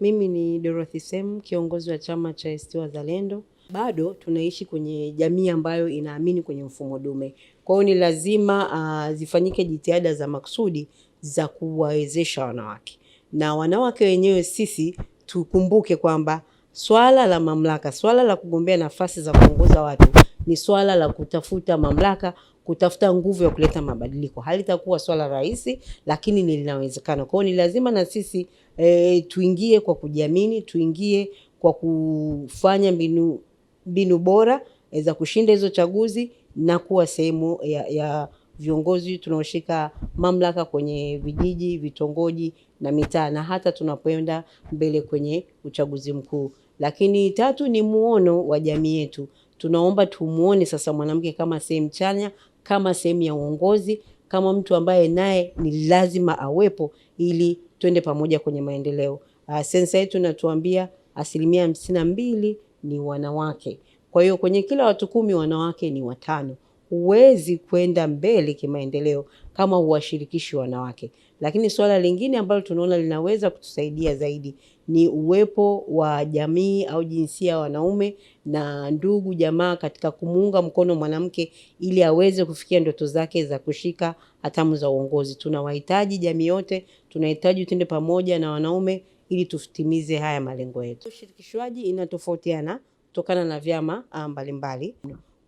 Mimi ni Dorothy Sem, kiongozi wa chama cha ACT Wazalendo. Bado tunaishi kwenye jamii ambayo inaamini kwenye mfumo dume, kwa hiyo ni lazima uh, zifanyike jitihada za maksudi za kuwawezesha wanawake na wanawake wenyewe. Sisi tukumbuke kwamba swala la mamlaka, swala la kugombea nafasi za kuongoza watu ni swala la kutafuta mamlaka, kutafuta nguvu ya kuleta mabadiliko. Halitakuwa swala rahisi, lakini ni linawezekana. Kwa hiyo ni lazima na sisi e, tuingie kwa kujiamini, tuingie kwa kufanya mbinu, mbinu bora eh, za kushinda hizo chaguzi na kuwa sehemu ya, ya viongozi tunaoshika mamlaka kwenye vijiji, vitongoji na mitaa na hata tunapoenda mbele kwenye uchaguzi mkuu. Lakini tatu ni muono wa jamii yetu. Tunaomba tumuone sasa mwanamke kama sehemu chanya, kama sehemu ya uongozi, kama mtu ambaye naye ni lazima awepo ili twende pamoja kwenye maendeleo. Uh, sensa yetu natuambia asilimia hamsini na mbili ni wanawake. Kwa hiyo kwenye kila watu kumi wanawake ni watano huwezi kwenda mbele kimaendeleo kama huwashirikishi wanawake. Lakini suala lingine ambalo tunaona linaweza kutusaidia zaidi ni uwepo wa jamii au jinsia ya wanaume na ndugu jamaa katika kumuunga mkono mwanamke ili aweze kufikia ndoto zake za kushika hatamu za uongozi. Tunawahitaji jamii yote, tunahitaji tuende pamoja na wanaume ili tutimize haya malengo yetu. Ushirikishwaji inatofautiana kutokana na vyama ah, mbalimbali.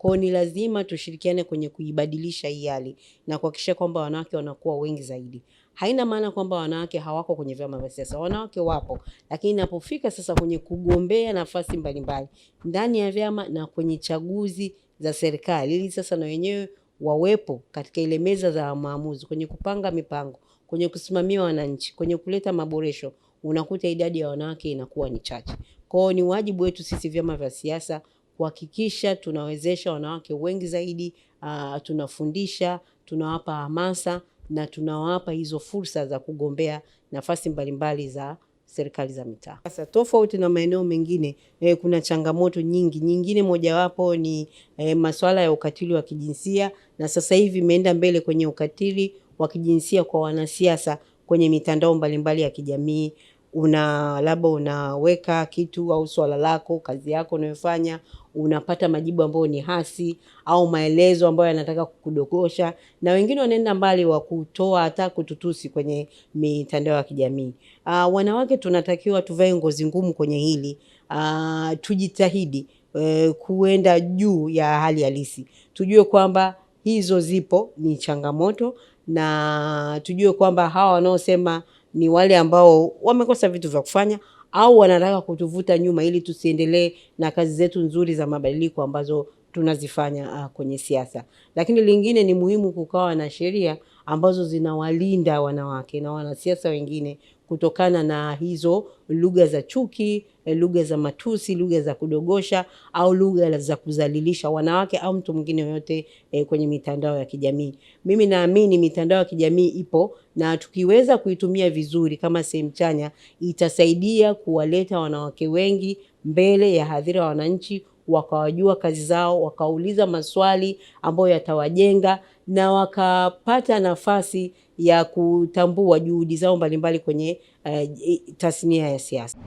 Kwa ni lazima tushirikiane kwenye kuibadilisha hii hali na kuhakikisha kwamba wanawake wanakuwa wengi zaidi. Haina maana kwamba wanawake hawako kwenye vyama vya siasa, wanawake wapo, lakini inapofika sasa kwenye kugombea nafasi mbalimbali ndani ya vyama na kwenye chaguzi za serikali, ili sasa na wenyewe wawepo katika ile meza za maamuzi, kwenye kupanga mipango, kwenye kusimamia wananchi, kwenye kuleta maboresho, unakuta idadi ya wanawake inakuwa ni chache. Kwao ni wajibu wetu sisi vyama vya siasa kuhakikisha tunawezesha wanawake wengi zaidi. Uh, tunafundisha, tunawapa hamasa na tunawapa hizo fursa za kugombea nafasi mbalimbali za serikali za mitaa. Sasa tofauti na maeneo mengine eh, kuna changamoto nyingi. Nyingine mojawapo ni eh, masuala ya ukatili wa kijinsia, na sasa hivi imeenda mbele kwenye ukatili wa kijinsia kwa wanasiasa kwenye mitandao mbalimbali ya kijamii una labda unaweka kitu au swala lako, kazi yako unayofanya, unapata majibu ambayo ni hasi au maelezo ambayo yanataka kukudogosha, na wengine wanaenda mbali wa kutoa hata kututusi kwenye mitandao ya kijamii. Uh, wanawake tunatakiwa tuvae ngozi ngumu kwenye hili. Uh, tujitahidi uh, kuenda juu ya hali halisi, tujue kwamba hizo zipo ni changamoto, na tujue kwamba hawa wanaosema ni wale ambao wamekosa vitu vya kufanya au wanataka kutuvuta nyuma ili tusiendelee na kazi zetu nzuri za mabadiliko ambazo tunazifanya uh, kwenye siasa. Lakini lingine ni muhimu kukawa na sheria ambazo zinawalinda wanawake na wanasiasa wengine kutokana na hizo lugha za chuki, eh, lugha za matusi, lugha za kudogosha au lugha za kudhalilisha wanawake au mtu mwingine yoyote e, kwenye mitandao ya kijamii. Mimi naamini mitandao ya kijamii ipo na tukiweza kuitumia vizuri kama sehemu chanya, itasaidia kuwaleta wanawake wengi mbele ya hadhira ya wananchi wakawajua kazi zao, wakauliza maswali ambayo yatawajenga na wakapata nafasi ya kutambua juhudi zao mbalimbali kwenye uh, tasnia ya siasa.